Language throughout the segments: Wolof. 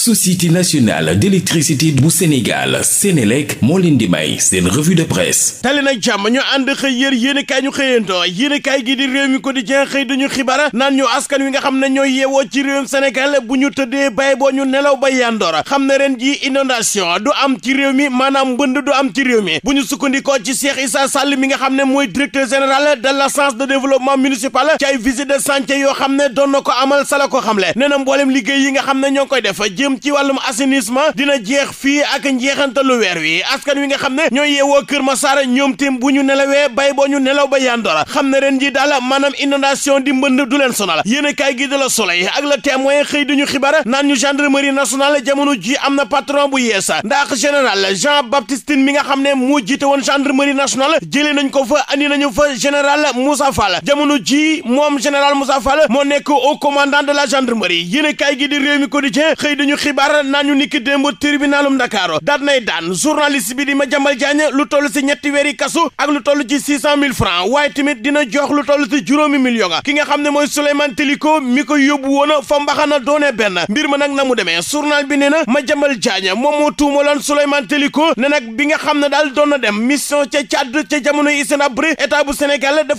société nationale d'électricité bu Sénégal Sénélec moo leen di may seen revue de presse tali nag jàmm ñu ànd xëy yér yéen kaay ñu xëyantoo yéen kaay gi di réew mi quotidien xëy dañu xibaar naan ñu askan wi nga xam ne ñooy yeewoo ci réewum Sénégal bu ñu tëddee bay boo ñu nelaw ba yandoor xam ne ren ji inondation du am ci réew mi maanaam mbënd du am ci réew mi bu ñu sukkandikoo ci i Issa Sall mi nga xam ne mooy directeur général de l'agence de développement municipal ci ay visite de chantier yoo yi nga xam ne ñoo koy def jëm ci wàllum assainissement dina jeex fii ak njeexantalu weer wi askan wi nga xam ne ñooy yeewoo Kër Massar ñoom tim bu ñu nelawee bay boo ñu nelaw ba yandoora xam ne ren ji daal maanaam inondation di mbënd du leen sonal yéen kaay gi la Soleil ak Le Témoin xëy duñu xibaar naan ñu gendarmerie nationale jamono ji am na patron bu yeesa ndax général Jean Baptiste mi nga xam ne mu jiite woon gendarmerie nationale jëlee nañ ko fa andi nañu fa général Moussa Fall jamono ji moom général Moussa Fall moo nekk au commandant de la gendarmerie a kaay xibaar nañu ni ki démb tribunalum Dakar daan nay daan journaliste bi di Madiambal Diagne lu toll si ñetti weeri kasu ak lu toll ci six cent mille francs waaye tamit dina jox lu toll si juróomi million ki nga xam ne mooy Souleymane Teliko mi ko yóbbu woon fa mbaxana doone benn mbir ma nag na mu demee journal bi nee na Madiambal Diagne moom moo tuumaloon Souleymane Teliko ne nag bi nga xam ne daal doon na dem mission ca Tchad ca jamono Hissène Habré état bu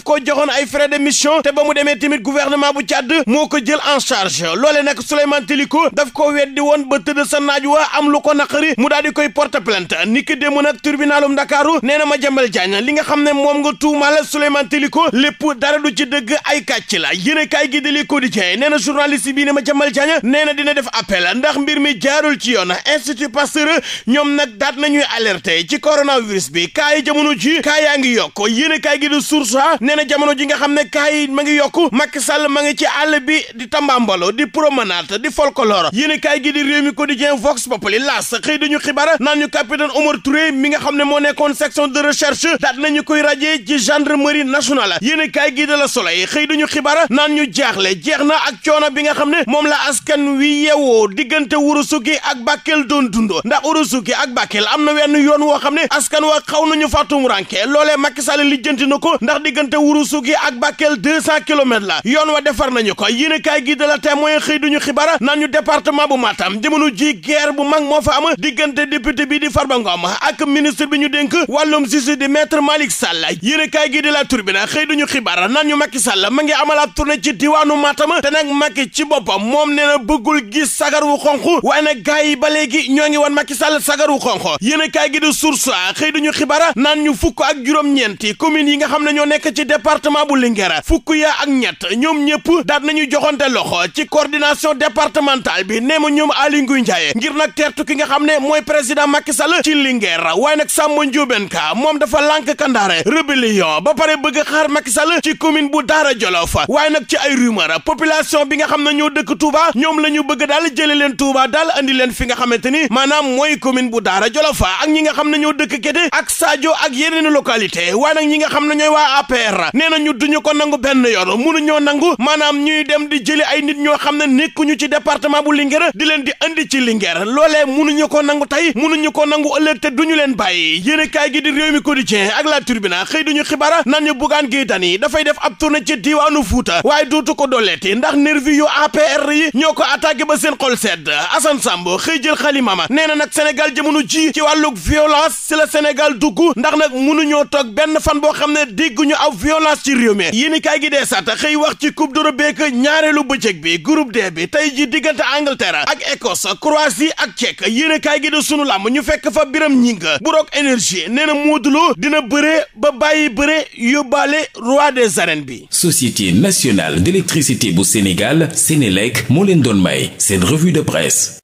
koo joxoon ay frais mission te ba mu demee tamit gouvernement bu Tchad moo ko jël en charge loole nag Souleymane Teliko daf ko woon ba tëdd sa naaj wa am lu ko naqari mu daal di koy porte plainte ni ki démb nag tribunalum Ndakaaru nee na ma jambal jaañ li nga xam ne moom nga tuumaal Souleymane Teliko lépp dara du ci dëgg ay kàcc la yéen kaay gi di Le Quotidien nee na journaliste bii ne ma jambal jaañ nee na dina def appel ndax mbir mi jaarul ci yoon Institut Pasteur ñoom nag daat nañuy alerter ci coronavirus bi kaa yi jamono ji kaa yaa ngi yokk yéen kaay gi di Source A nee na jamono ji nga xam ne kaa yi ma ngi yokk Macky Sall ma ngi ci àll bi di Tambambalu di promenade di folklore yéen kaay gi di di réew mi quotidien na Populi laas xëy dañu ñu capitaine Omar Touré mi nga xam ne moo nekkoon section de recherche daat nañu koy rajee ci gendarmerie nationale yéen kaay gi de la Soleil xëy dañu xibaar naan ñu jaaxle jeex na ak coono bi nga xam ne moom la askan wi yeewoo diggante Ourossogui ak Bakel doon dund ndax Ourossogui ak Bakel am na wenn yoon woo xam ne askan wa xaw nañu fàttum ranke loolee Macky Sall lijjanti na ko ndax diggante Ourossogui ak Bakel deux cent kilomètres la yoon wa defar nañu ko yéen kaay gi de la Témoin xëy duñu xibaar am jamono ji guerre bu mag moo fa am diggante député bi di Farba Ngom ak ministre bi ñu dénk wàllum justice di maître Malick Sall yéen kaay gi di la turbine xëy duñu xibaar naan ñu Macky salla ma ngi amalaat tournée ci diwaanu matama te nag Macky ci boppam moom nee na bëggul gi sagar wu xonq waaye nag gars yi ba léegi ñoo ngi wan Macky Sall sagar wu xonq yéen kaay gi di source xëy duñu xibara naan ñu fukk ak juróom-ñeenti communes yi nga xam ne ñoo nekk ci département bu Linguère fukk ak ñett ñoom ñëpp daat nañu joxante loxo ci coordination départementale bi neema Aly Ngouille Ndiaye ngir nag teertu ki nga xam ne mooy président Macky Sall ci Linguère waaye nag Samba Ndiobène Ka moom dafa lànk kandaare rébellion ba pare bëgg xaar Macky Sall ci commune bu Daara Jolof waaye nag ci ay rumeur population bi nga xam ne ñoo dëkk Touba ñoom la ñu bëgg daal jëlee leen Touba daal andi leen fi nga xamante ni maanaam mooy commune bu Daara jolofa ak ñi nga xam ne ñoo dëkk Kédé ak Sadio ak yeneen localité waaye nag ñi nga xam ne ñooy waa nee na ñu duñu ko nangu benn yoon mënu ñoo nangu maanaam ñuy dem di jëli ay nit ñoo xam ne nekkuñu ci département bu Linguère di leen di andi ci Linguère loolee munuñu ko nangu tey munuñu ko nangu ëllëg te duñu leen bàyyi yéen kaay gi di réew mi quotidien ak la turbine xëy duñu xibaar naan ñu Bougane Gueye dafay def ab tournée ci diiwaanu Fuuta waaye duutu ko dooleeti ndax nervi yu APR yi ñoo ko attaqué ba seen xol sedd Assane Samb xëy jël xalimama nee na nag senegal jamono ci ci wàllug violence si la senegal dugg ndax nag munuñoo toog benn fan boo xam ne dégguñu aw violence ci réew mi yéen gi dee sat xëy wax ci coupe d'Europe beek ñaareelu bëccëg bi groupe D bi tey ji diggante Angleterre ak Écosse Croatie ak Tchèque yéenekaay gi de sunu làmb ñu fekk fa Biram Ñinga bu Rock Énergie nee na Modou dina bëre ba bàyyi bëre yóbbaale roi des arènes bi. Société nationale d'électricité bu Sénégal Sénélec moo leen doon may seen revue de presse.